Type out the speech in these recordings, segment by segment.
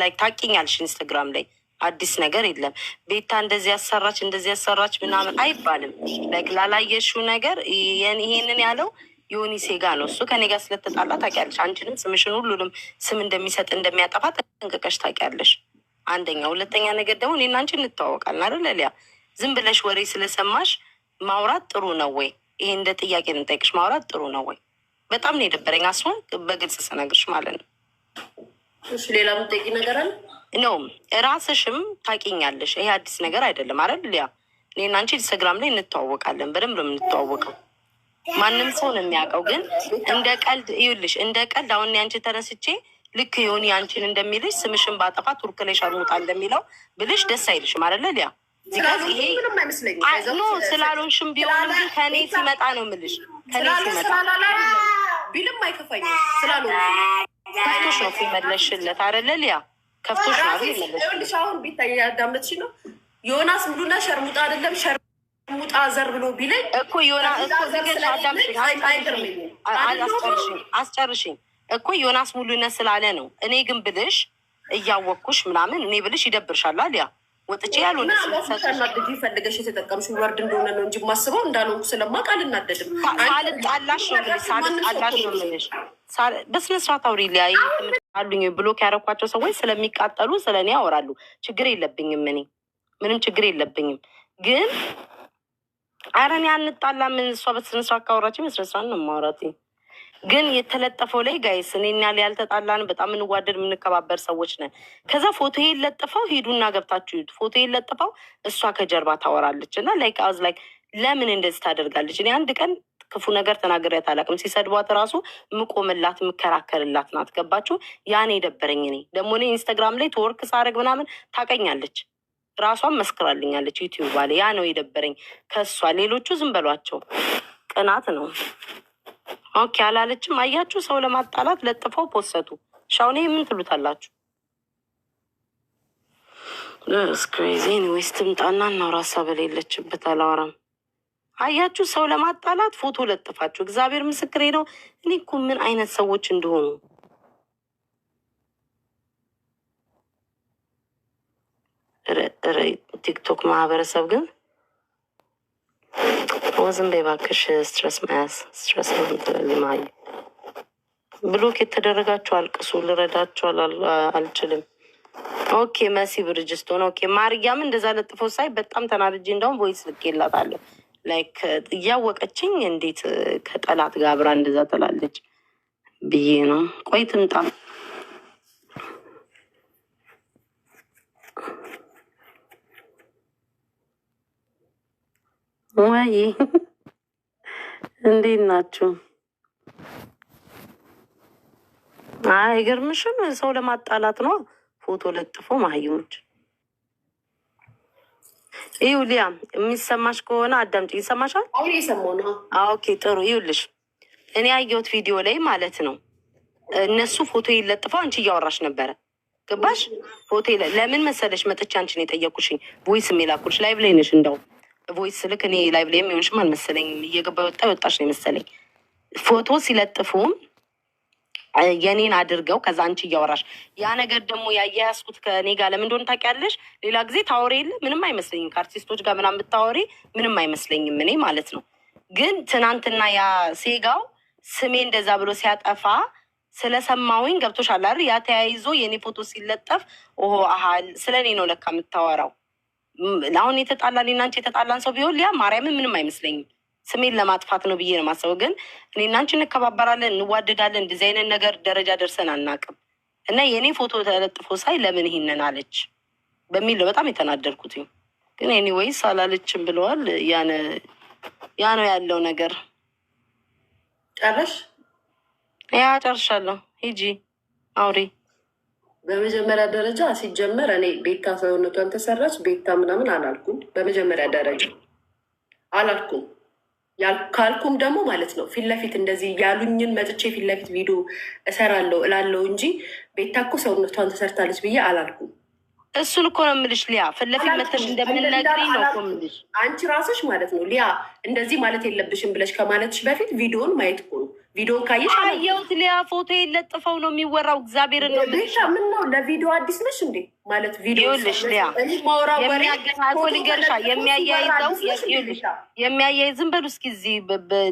ላይ ታውቂኛለሽ፣ ኢንስታግራም ላይ አዲስ ነገር የለም። ቤታ እንደዚህ ያሰራች እንደዚህ ያሰራች ምናምን አይባልም። ላይክ ላላየሽው ነገር ይሄንን ያለው የሆኒ ሴጋ ነው። እሱ ከኔ ጋር ስለተጣላ ታውቂያለሽ። አንቺንም ስምሽን ሁሉንም ስም እንደሚሰጥ እንደሚያጠፋ ጠንቅቀሽ ታውቂያለሽ። አንደኛ። ሁለተኛ ነገር ደግሞ እኔና አንቺ እንተዋወቃለን አይደል? ሊያ ዝም ብለሽ ወሬ ስለሰማሽ ማውራት ጥሩ ነው ወይ? ይሄ እንደ ጥያቄ የምንጠይቅሽ ማውራት ጥሩ ነው ወይ? በጣም ነው የደበረኝ። አስሆን በግልጽ ስነግርሽ ማለት ነው ሌላ የምትጠይቂው ነገር አለ? ነው ራስሽም ታውቂኛለሽ። ይሄ አዲስ ነገር አይደለም አይደል? ሊያ እኔና አንቺ ኢንስታግራም ላይ እንተዋወቃለን። በደንብ ነው የምንተዋወቀው። ማንም ሰው ነው የሚያውቀው። ግን እንደ ቀልድ ይኸውልሽ፣ እንደ ቀልድ አሁን አንቺ ተነስቼ ልክ ይሁን አንቺን እንደሚልሽ ስምሽን ባጠፋ ቱርክ ላይ ሸርሙጣ እንደሚለው ብልሽ ደስ አይልሽም አይደለ? ሊያ ኖ ስላልሆንሽም ቢሆንም ግን ከእኔ ሲመጣ ነው የምልሽ። ከእኔ ሲመጣ ቢልም አይከፋኝ ስላልሆንሽ ከፍቶሽ ነው የመለሽለት አይደለ? ሊያ ከፍቶሽ ነው አይደል? አሁን ቤታዬ ያዳመጥሽ ነው ዮናስ ሙሉና ሸርሙጣ አይደለም ሸርሙጣ ዘር ብሎ ቢለኝ እኮ አስጨርሽኝ እኮ ዮናስ ሙሉነት ስላለ ነው። እኔ ግን ብልሽ እያወቅኩሽ ምናምን እኔ ብልሽ ይደብርሻል። ያ ወጥቼ ያልሆነ ፈልገሽ የተጠቀምሽ ወርድ እንደሆነ ነው እንጂ ማስበው እንዳልሆንኩ ስለማውቅ አልናደድም። ሳልጣላሽ ነው ሳልጣላሽ ነው የምልሽ በስነ ስርዓት ሊያይ አሉኝ ብሎክ ያደረኳቸው ሰዎች ስለሚቃጠሉ ስለ እኔ ያወራሉ። ችግር የለብኝም፣ እኔ ምንም ችግር የለብኝም። ግን አረ እኔ ምን እሷ በስነ ስርዓት ካወራች በስነ ስርዓት ነው ማውራት። ግን የተለጠፈው ላይ ጋይስ እኔ ላይ ያልተጣላን በጣም እንዋደድ የምንከባበር ሰዎች ነን። ከዛ ፎቶ ለጥፈው ሂዱና ገብታችሁ ዩት ፎቶ ለጥፈው እሷ ከጀርባ ታወራለች እና ላይክ አዝ ላይክ ለምን እንደዚህ ታደርጋለች? እኔ አንድ ቀን ክፉ ነገር ተናግሬያት አላውቅም። ሲሰድቧት ራሱ ምቆምላት ምከራከርላት ናት። ገባችሁ? ያኔ የደበረኝ እኔ ደግሞ እኔ ኢንስታግራም ላይ ትወርክ ሳረግ ምናምን ታቀኛለች። ራሷን መስክራልኛለች ዩቲዩብ ባለ ያ ነው የደበረኝ ከሷ። ሌሎቹ ዝም በሏቸው፣ ቅናት ነው። ኦኬ አላለችም። አያችሁ፣ ሰው ለማጣላት ለጥፈው ፖሰቱ። ሻውኔ የምን ትሉታላችሁ? ስክሬዚ ዌስትምጣና እናውራ። ሀሳብ የሌለችበት አላወራም። አያችሁ፣ ሰው ለማጣላት ፎቶ ለጥፋችሁ። እግዚአብሔር ምስክሬ ነው። እኔ እኮ ምን አይነት ሰዎች እንደሆኑ ቲክቶክ ማህበረሰብ ግን ወዝም በባክሽ ስትረስ መያዝ ስትረስ ማይ ብሎክ የተደረጋችሁ አልቅሱ። ልረዳችሁ አልችልም። ኦኬ መሲ ብርጅስቶን ኦኬ ማርያም እንደዛ ለጥፈው ሳይ በጣም ተናድጄ፣ እንደውም ቮይስ ልኬላታለሁ ላይክ እያወቀችኝ እንዴት ከጠላት ጋር አብራ እንደዛ ትላለች ብዬ ነው። ቆይ ትምጣ። ወይ እንዴት ናችሁ? አይገርምሽም? ሰው ለማጣላት ነው ፎቶ ለጥፎ ማህይሞች ይው ሊያ የሚሰማሽ ከሆነ አዳምጪ። ይሰማሻል? አሁን ኦኬ ጥሩ። ይውልሽ እኔ ያየሁት ቪዲዮ ላይ ማለት ነው እነሱ ፎቶ ይለጥፈው አንቺ እያወራሽ ነበረ። ገባሽ? ፎቶ ለምን መሰለሽ መጥቼ አንቺን የጠየኩሽኝ ቮይስ የሚላኩልሽ ላይቭ ላይ ነሽ። እንደው ቮይስ ልክ እኔ ላይቭ ላይ የሚሆንሽም አልመሰለኝም። እየገባ ወጣ ወጣሽ ነው የመሰለኝ ፎቶ ሲለጥፉም የኔን አድርገው ከዛ አንቺ እያወራሽ ያ ነገር ደግሞ ያያያዝኩት ከኔ ጋር ለምን እንደሆነ ታውቂያለሽ። ሌላ ጊዜ ታወሬ የለ ምንም አይመስለኝም። ከአርቲስቶች ጋር ምናምን ብታወሪ ምንም አይመስለኝም እኔ ማለት ነው። ግን ትናንትና ያ ሴጋው ስሜ እንደዛ ብሎ ሲያጠፋ ስለሰማውኝ ገብቶሽ አላር ያ ተያይዞ የኔ ፎቶ ሲለጠፍ ኦሆ አሃል ስለ እኔ ነው ለካ የምታወራው። አሁን የተጣላን ናንቺ የተጣላን ሰው ቢሆን ሊያ ማርያምን ምንም አይመስለኝም። ስሜን ለማጥፋት ነው ብዬ ነው ማሰበው ግን እኔ እናንቺ እንከባበራለን፣ እንዋደዳለን፣ እንደዚህ አይነት ነገር ደረጃ ደርሰን አናቅም። እና የእኔ ፎቶ ተለጥፎ ሳይ ለምን ይሄንን አለች በሚል ነው በጣም የተናደርኩት? ግን ኤኒዌይስ አላለችም ብለዋል። ያ ነው ያለው ነገር። ጨረሽ? ያ ጨርሻለሁ። ሂጂ አውሪ። በመጀመሪያ ደረጃ ሲጀመር እኔ ቤታ ሰውነቷን ተሰራች ቤታ ምናምን አላልኩም። በመጀመሪያ ደረጃ አላልኩም። ካልኩም ደግሞ ማለት ነው ፊት ለፊት እንደዚህ ያሉኝን መጥቼ ፊት ለፊት ቪዲዮ እሰራለሁ እላለሁ እንጂ ቤታ እኮ ሰውነቷን ተሰርታለች ብዬ አላልኩም። እሱን እኮ ነው የምልሽ ሊያ፣ ፊት ለፊት መጥተሽ እንደምንነግሪኝ ነው እኮ የምልሽ። አንቺ ራስሽ ማለት ነው ሊያ እንደዚህ ማለት የለብሽም ብለሽ ከማለትሽ በፊት ቪዲዮን ማየት እኮ ነው ቪዲዮ ካየሽ አየሁት። ሊያ ፎቶ የለጥፈው ነው የሚወራው። እግዚአብሔር ነው ምን ነው ለቪዲዮ አዲስ ነሽ እንዴ ማለት ቪዲዮልሽ ሊያ ልንገርሻ የሚያያይዘው የሚያያይ ዝም በሉ እስኪ እዚህ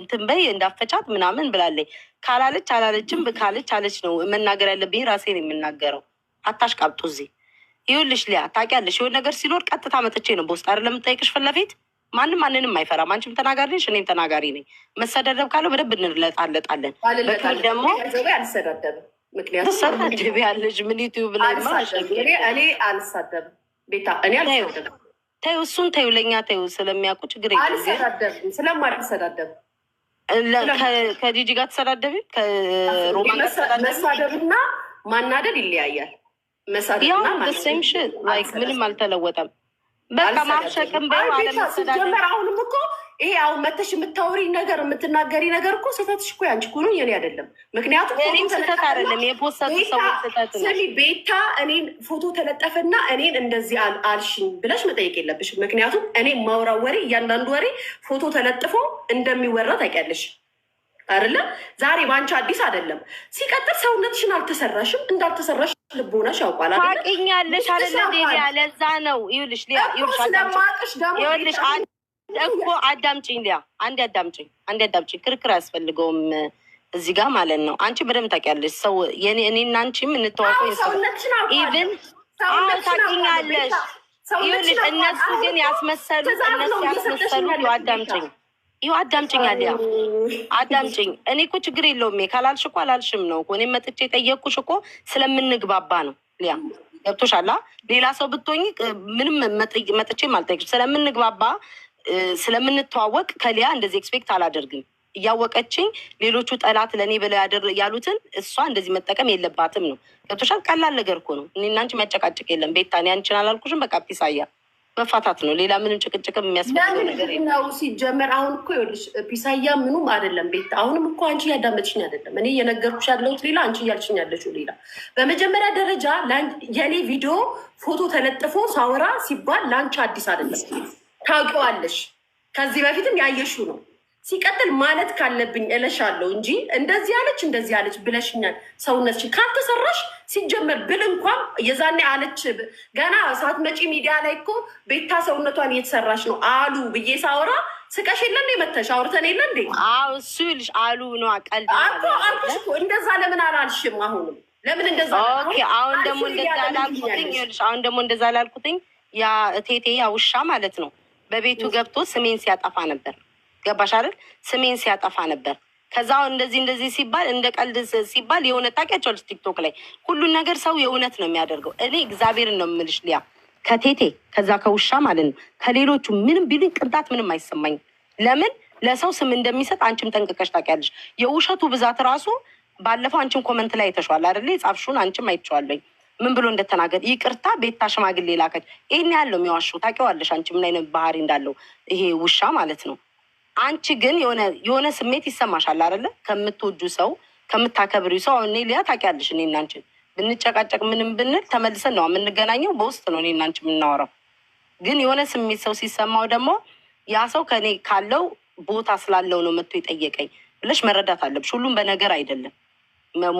እንትን በይ እንዳፈቻት ምናምን ብላለች። ካላለች አላለችም ካለች አለች ነው መናገር ያለብኝ። ራሴን የምናገረው አታሽ ቃብጡ እዚህ ይሁልሽ ሊያ ታውቂያለሽ። የሆነ ነገር ሲኖር ቀጥታ መጥቼ ነው በውስጥ አይደለም የምጠይቅሽ ፊት ለፊት ማንም ማንንም አይፈራም። አንቺም ተናጋሪ ነሽ፣ እኔም ተናጋሪ ነኝ። መሰዳደብ ካለው በደንብ እንለጣለጣለን። በክል ደግሞ አልሰዳደብም። ሰዳደብ ያለሽ ምን ዩቲዩብ ላይ እኔ አልሳደብም። ቤታ እኔ አልሳደብም። ተይው፣ እሱን ተይው፣ ለእኛ ተይው። ስለሚያውቁ ችግር አልሰዳደብም። ከጂጂ ጋር ተሰዳደቢ ከሮማ መሳደብና ማናደድ ይለያያል። መሳደብና ምንም አልተለወጠም። በቃ አሁንም እኮ ይሄ አሁን መተሽ የምታወሪ ነገር የምትናገሪ ነገር እኮ ስህተትሽ እኮ ያንቺ የኔ አይደለም። ምክንያቱም ስህተት አይደለም የፖሰቱ ሰዎች ስህተት ነው። ቤታ እኔን ፎቶ ተለጠፈና እኔን እንደዚህ አልሽኝ ብለሽ መጠየቅ ምክንያቱም እኔ ማውራው ወሬ እያንዳንዱ ወሬ ፎቶ ተለጥፎ እንደሚወራ ታውቂያለሽ አይደለም? ዛሬ በአንቺ አዲስ አይደለም። ሲቀጥል ሰውነትሽን አልተሰራሽም፣ እንዳልተሰራሽ ልቦነሽ ያውቋል። ታውቂኛለሽ አለ ሌላ ለዛ ነው ይኸውልሽ፣ ይኸውልሽ እኮ አዳምጪኝ፣ ሊያ አንዴ አዳምጪኝ፣ አንዴ አዳምጪኝ። ክርክር አያስፈልገውም እዚህ ጋር ማለት ነው። አንቺ በደንብ ታውቂያለሽ፣ ሰው እኔ እና አንቺ ኢቭን ታውቂኛለሽ። ይኸውልሽ እነሱ ግን ያስመሰሉ እነሱ ያስመሰሉ አዳምጪኝ ይኸው አዳምጭኝ፣ አሊያ አዳምጭኝ። እኔ እኮ ችግር የለውም ካላልሽ እኮ አላልሽም ነው እኮ። እኔ መጥቼ የጠየቅኩሽ እኮ ስለምንግባባ ነው። ሊያ ገብቶሻል። ሌላ ሰው ብትሆኝ ምንም መጥቼም አልጠይቅሽም። ስለምንግባባ ስለምንተዋወቅ ከሊያ እንደዚህ ኤክስፔክት አላደርግም። እያወቀችኝ ሌሎቹ ጠላት ለእኔ ብለው ያሉትን እሷ እንደዚህ መጠቀም የለባትም ነው። ገብቶሻል። ቀላል ነገር እኮ ነው። እኔና አንቺ መጨቃጨቅ የለም። ቤታ እኔ አንቺን አላልኩሽም። በቃ ፒሳያ መፋታት ነው። ሌላ ምንም ጭቅጭቅ የሚያስፈልገው ነገር ነው። ሲጀመር አሁን እኮ ይኸውልሽ ፒሳያ ምኑም አይደለም። ቤት አሁንም እኮ አንቺ እያዳመጥሽኝ አይደለም። እኔ እየነገርኩሽ ያለሁት ሌላ፣ አንቺ እያልሽኝ ያለችው ሌላ። በመጀመሪያ ደረጃ የኔ ቪዲዮ ፎቶ ተለጥፎ ሳውራ ሲባል ለአንቺ አዲስ አይደለም፣ ታውቂዋለሽ። ከዚህ በፊትም ያየሽው ነው። ሲቀጥል ማለት ካለብኝ እለሻለሁ እንጂ እንደዚህ አለች እንደዚህ አለች ብለሽኛል። ሰውነት ካልተሰራሽ ሲጀመር ብል እንኳን የዛኔ አለች ገና ሰዓት መጪ ሚዲያ ላይ እኮ ቤታ ሰውነቷን እየተሰራች ነው አሉ ብዬ ሳወራ ስቀሽ የለን መተሽ አውርተን የለ እንዴ? እሱ ይልሽ አሉ ነው ቀልድ እኮ አልኩሽ እኮ እንደዛ ለምን አላልሽም? አሁንም ለምን እንደዛ አሁን ደግሞ እንደዛ ላልኩትኝ ይልሽ አሁን ደግሞ እንደዛ ላልኩትኝ ያ እቴቴ ያ ውሻ ማለት ነው በቤቱ ገብቶ ስሜን ሲያጠፋ ነበር ገባሽ አይደል? ስሜን ሲያጠፋ ነበር። ከዛ እንደዚህ እንደዚህ ሲባል እንደ ቀልድ ሲባል የሆነ ታውቂያቸዋለሽ፣ ቲክቶክ ላይ ሁሉን ነገር ሰው የእውነት ነው የሚያደርገው። እኔ እግዚአብሔርን ነው የምልሽ ሊያ ከቴቴ ከዛ ከውሻ ማለት ነው ከሌሎቹ ምንም ቢሉኝ ቅንጣት ምንም አይሰማኝ። ለምን ለሰው ስም እንደሚሰጥ አንቺም ጠንቅቀሽ ታውቂያለሽ። የውሸቱ ብዛት ራሱ ባለፈው አንቺም ኮመንት ላይ አይተሽዋል አይደለ? የጻፍሽውን አንቺም አይቼዋለሁኝ። ምን ብሎ እንደተናገር ይቅርታ ቤታ ሽማግሌ ላከች። ይህን ያለው የሚዋሹ ታውቂዋለሽ አንቺ ምን አይነት ባህሪ እንዳለው ይሄ ውሻ ማለት ነው። አንቺ ግን የሆነ ስሜት ይሰማሻል አይደለ? ከምትወጁ ሰው ከምታከብሪ ሰው አሁን እኔ ሊያ ታውቂያለሽ፣ እኔ እና ብንጨቃጨቅ ምንም ብንል ተመልሰን ነው የምንገናኘው፣ በውስጥ ነው እኔ እና የምናወራው። ግን የሆነ ስሜት ሰው ሲሰማው ደግሞ ያ ሰው ከኔ ካለው ቦታ ስላለው ነው መጥቶ የጠየቀኝ ብለሽ መረዳት አለብሽ። ሁሉም በነገር አይደለም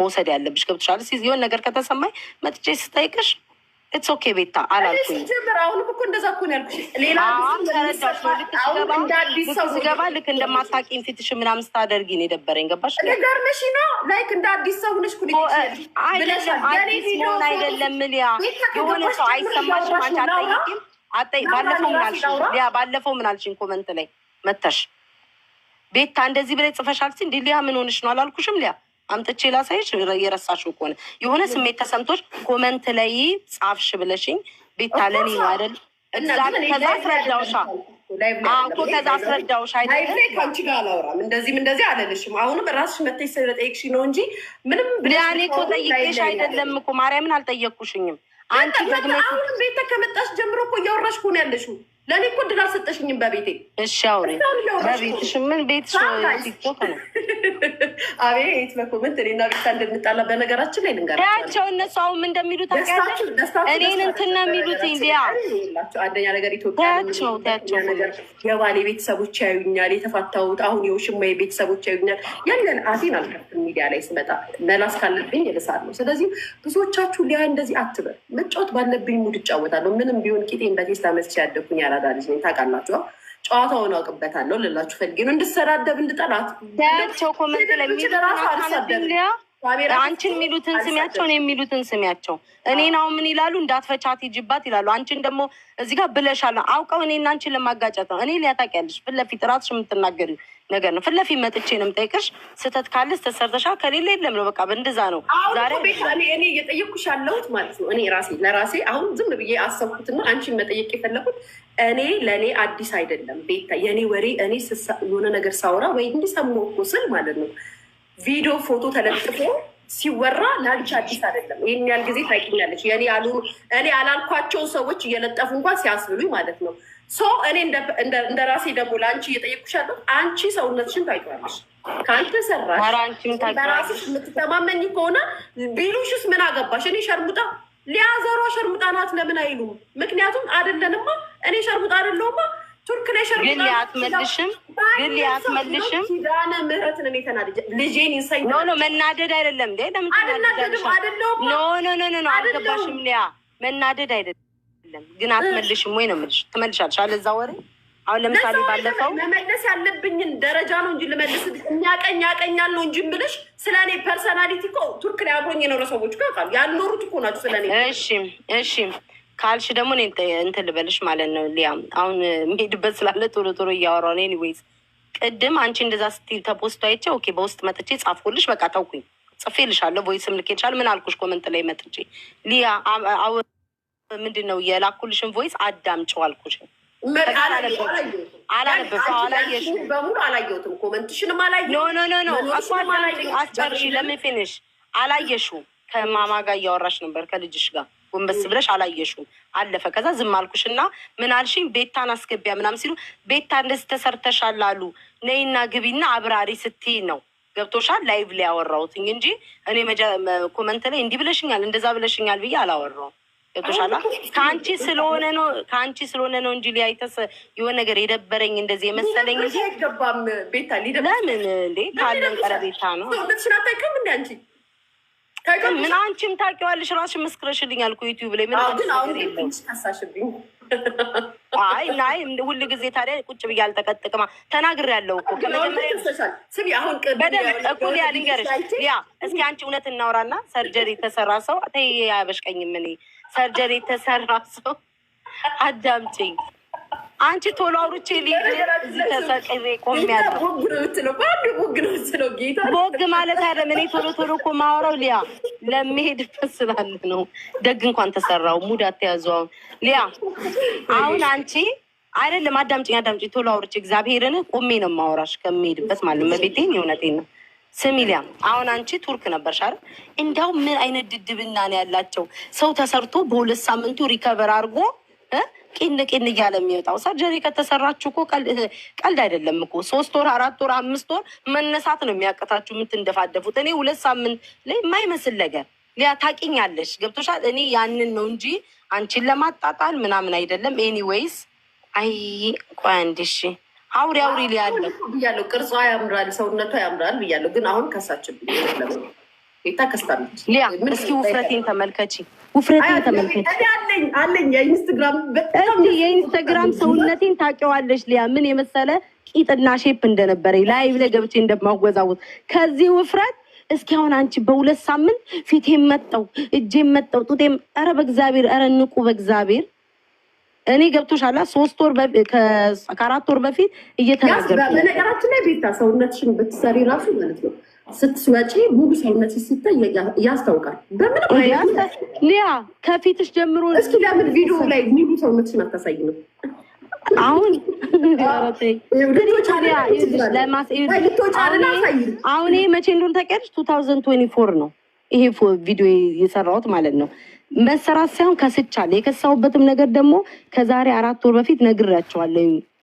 መውሰድ ያለብሽ ገብቶሻል። የሆነ ነገር ከተሰማኝ መጥቼ ስጠይቅሽ ኢትስ ኦኬ ቤታ አላልኩኝ። አሁንም እኮ እንደዛ እኮ ነው ያልኩሽ። ሌላ ስገባ ልክ እንደማታውቂኝ ፊትሽ ምናምን ስታደርጊ ነው የደበረኝ። ገባሽ ነገር ነሽ ነው ላይክ እንደ አዲስ ሰው ነሽ። አይደለም አዲስ አይደለም ሊያ የሆነ ሰው አይሰማሽም። አንቺ አትጠይቂም። አትጠይቂ። ባለፈው ምን አልሽኝ ሊያ? ባለፈው ምን አልሽኝ? ኮመንት ላይ መተሽ ቤታ እንደዚህ ብለሽ ጽፈሻል። እንዲ ሊያ ምን ሆንሽ ነው አላልኩሽም ሊያ አምጥቼ ላሳይሽ። የረሳሽው ከሆነ የሆነ ስሜት ተሰምቶች ኮመንት ላይ ጻፍሽ ብለሽኝ ቤታ አይደል? ከዛ አስረዳውሻ አቶ ከዛ አስረዳውሻ ከአንቺ ጋር አላወራም፣ እንደዚህም እንደዚህ አለልሽም። አሁንም ራስሽ መተሽ ስለጠየቅሽ ነው እንጂ ምንም ብያኔ እኮ ጠይቄሽ አይደለም እኮ ማርያምን አልጠየቅኩሽኝም። አንቺ ደግሞ ቤተ ከመጣሽ ጀምሮ እኮ እያወራሽ እኮ ያለሽው ለእኔ እኮ ድል አልሰጠሽኝም። በቤቴ ቤትሽ ምን ቤትሽ ቲክቶክ ነው። አቤት በኮመንት እኔና ቤት እንድንጣላ በነገራችን ላይ ልንገር ያቸው እነሱ አሁን ምን እንደሚሉ ታውቂያለሽ? እኔን እንትን ነው የሚሉት። እንዲያ አንደኛ ነገር ኢትዮጵያቸው ነገር የባሌ ቤተሰቦች ያዩኛል፣ የተፋታሁት አሁን የውሽማዬ ቤተሰቦች ያዩኛል። ያለን አፌን አልከፍትም። ሚዲያ ላይ ስመጣ መላስ ካለብኝ እልሳለሁ። ስለዚህ ብዙዎቻችሁ ሊያ እንደዚህ አትበል፣ መጫወት ባለብኝ ሙድ እጫወታለሁ። ምንም ቢሆን ቂጤን በቴስታ መስቼ ያደኩኝ የቀዳዳ ልጅ ነኝ ታውቃላችሁ። ጨዋታውን አውቅበታለሁ ልላችሁ ፈልጌ ነው። እንድሰዳደብ እንድጠላት ቸው ኮመንት አንቺን የሚሉትን ስሚያቸው፣ እኔ የሚሉትን ስሚያቸው። እኔን አሁን ምን ይላሉ? እንዳትፈቻት ይጅባት ይላሉ። አንቺን ደግሞ እዚህ ጋር ብለሻል። አውቀው እኔ አንቺን ለማጋጨት ነው። እኔ ሊያታውቂያለሽ ፊት ለፊት እራስሽ የምትናገሪው ነገር ነው። ፍለፊ መጥቼ ነው የምጠይቅሽ። ስህተት ካለ ተሰርተሻ ከሌለ የለም ነው በቃ። በእንደዛ ነው ዛሬ እኔ እየጠየቅኩሽ ያለሁት ማለት ነው። እኔ ራሴ ለራሴ አሁን ዝም ብዬ አሰብኩትና አንቺን መጠየቅ የፈለኩት እኔ ለእኔ አዲስ አይደለም ቤታ፣ የእኔ ወሬ እኔ የሆነ ነገር ሳውራ ወይ እንዲሰሙ ስል ማለት ነው ቪዲዮ ፎቶ ተለጥፎ ሲወራ ለአንቺ አዲስ አይደለም። ይህን ያህል ጊዜ ታውቂኛለች። የኔ ያሉ እኔ ያላልኳቸውን ሰዎች እየለጠፉ እንኳን ሲያስብሉኝ ማለት ነው። ሶ እኔ እንደ ራሴ ደግሞ ለአንቺ እየጠየኩሽ አንቺ ሰውነትሽን ታውቂዋለሽ። ከአንተ ሰራሽ በራስሽ የምትተማመኝ ከሆነ ቢሉሽስ ምን አገባሽ? እኔ ሸርሙጣ ሊያዘሯ ሸርሙጣ ናት ለምን አይሉም? ምክንያቱም አይደለንማ። እኔ ሸርሙጣ አይደለሁማ ቱርክ ነሽ ግን ሊያትመልሽም ግን ሊያትመልሽም ኪዳነ ምህረት ነው የተናደጀ ልጄን ይሰኝ ኖ ኖ መናደድ አይደለም እንዴ ለምን ተናደዳለሽ? ኖ ኖ ኖ ኖ አልገባሽም። ሊያ መናደድ አይደለም ግን አትመልሽም ወይ ነው የምልሽ። ትመልሻለሽ አለዛ ወሬ አሁን ለምሳሌ ባለፈው መመለስ ያለብኝን ደረጃ ነው እንጂ ልመልስ እኛቀኝ ያቀኛል ነው እንጂ ብልሽ ስለ እኔ ፐርሰናሊቲ እኮ ቱርክ ላይ አብሮኝ የኖረ ሰዎች ጋር ያልኖሩት እኮ ናቸው ስለ እኔ። እሺ እሺ ካልሽ ደግሞ እንትን ልበልሽ ማለት ነው። ሊያም አሁን የሚሄድበት ስላለ ጥሩ ጥሩ እያወራ ነው። ኤኒዌይዝ ቅድም አንቺ እንደዛ ስትይ ተፖስቶ አይቼ ኦኬ፣ በውስጥ መጥቼ ጻፍኩልሽ። በቃ ተውኩኝ፣ ጽፌልሻለሁ፣ ቮይስም ልኬልሻለሁ። ምን አልኩሽ? ኮመንት ላይ መጥቼ ሊያ አው ምንድን ነው የላኩልሽን ቮይስ አዳምጪው አልኩሽን በሙሉ ለምን ፊኒሽ አላየሽው? ከማማ ጋር እያወራሽ ነበር ከልጅሽ ጋር ጎንበስ ብለሽ አላየሽም፣ አለፈ። ከዛ ዝም አልኩሽ እና ምን አልሽኝ? ቤታን አስገቢያ ምናምን ሲሉ ቤታ እንደዚህ ተሰርተሻል አሉ። ነይና ግቢና አብራሪ ስትይ ነው ገብቶሻል። ላይቭ ላይ ያወራሁትኝ እንጂ እኔ ኮመንት ላይ እንዲህ ብለሽኛል እንደዛ ብለሽኛል ብዬ አላወራውም። ገብቶሻላ ከአንቺ ስለሆነ ነው ከአንቺ ስለሆነ ነው እንጂ ሊያይተስ የሆነ ነገር የደበረኝ እንደዚህ የመሰለኝ እንጂ ለምን እንዴ ካለን ቀረቤታ ነው ምን አንቺም ታውቂዋለሽ ራስሽ መስክረሽልኝ አልኩ ዩቲዩብ ላይ ምናምን ሳሽብኝ። አይ ናይ ሁሉ ጊዜ ታዲያ ቁጭ ብዬ አልጠቀጥቅማ ተናግር ያለው እኮ በደንብ እኮ ያ ልንገርሽ፣ ያ እስኪ አንቺ እውነት እናውራና ሰርጀሪ የተሰራ ሰው ተይ አያበሽቀኝም እኔ ሰርጀሪ የተሰራ ሰው አዳምጪኝ አንቺ ቶሎ አውርቼ ልሂድ ተሰቅሬ ቦግ ማለት አይደለም። እኔ ቶሎ ቶሎ እኮ ማወራው ሊያ ለሚሄድበት ፈስላል ነው። ደግ እንኳን ተሰራው። ሙድ አትያዙ። አሁን ሊያ አሁን አንቺ አይደለም። አዳምጪኝ፣ አዳምጪኝ። ቶሎ አውርቼ እግዚአብሔርን ቆሜ ነው ማወራሽ ከሚሄድበት ማለት መቤቴን የእውነቴን ነው። ስሚ ሊያ፣ አሁን አንቺ ቱርክ ነበርሽ አይደል? እንዲያው ምን አይነት ድድብና ነው ያላቸው ሰው ተሰርቶ በሁለት ሳምንቱ ሪከቨር አድርጎ ቂን ቂን እያለ የሚወጣው ሰርጀሪ ከተሰራችሁ እኮ ቀልድ አይደለም እኮ ሶስት ወር አራት ወር አምስት ወር መነሳት ነው የሚያቀታችሁ የምትንደፋደፉት። እኔ ሁለት ሳምንት ላይ የማይመስል ነገር ሊያ ታቂኛለሽ ገብቶሻል። እኔ ያንን ነው እንጂ አንቺን ለማጣጣል ምናምን አይደለም። ኤኒዌይስ አይ ቆይ አንድ አውሪ አውሪ ሊያለው ብያለሁ። ቅርጿ ያምራል፣ ሰውነቷ ያምራል ብያለሁ። ግን አሁን ከሳችን ታከስታለች። እስኪ ውፍረቴን ውፍረቴን አለኝ አለኝ። በጣም ሰውነቴን ሊያ ምን የመሰለ ቂጥና ሼፕ እንደነበረ ላይቭ ላይ ገብቼ እንደማወዛወዝ ከዚህ ውፍረት እስኪ አሁን አንቺ በሁለት ሳምንት ፊቴም መጠው እጄም መጠው ጡጤም ኧረ በእግዚአብሔር ኧረ ንቁ በእግዚአብሔር እኔ ገብቶሻል። ሶስት ወር ከአራት ወር በፊት እየተናገርኩ በነገራችን ላይ ቤታ ሰውነትሽን ብትሰሪ ራሱ ማለት ነው ስትስወጪ ሙሉ ሰውነት ሲታይ ያስታውቃል። በምን ሊያ ከፊትሽ ጀምሮ እስኪ ለምን ቪዲዮ ላይ ሙሉ ሰውነትሽን አታሳይ ነው? አሁን አሁን መቼ እንደሆነ ታውቂያለሽ? ቱ ታውዘንድ ትዌንቲ ፎር ነው ይሄ ቪዲዮ የሰራሁት ማለት ነው። መሰራት ሳይሆን ከስቻለሁ። የከሳሁበትም ነገር ደግሞ ከዛሬ አራት ወር በፊት ነግሬያቸዋለሁ።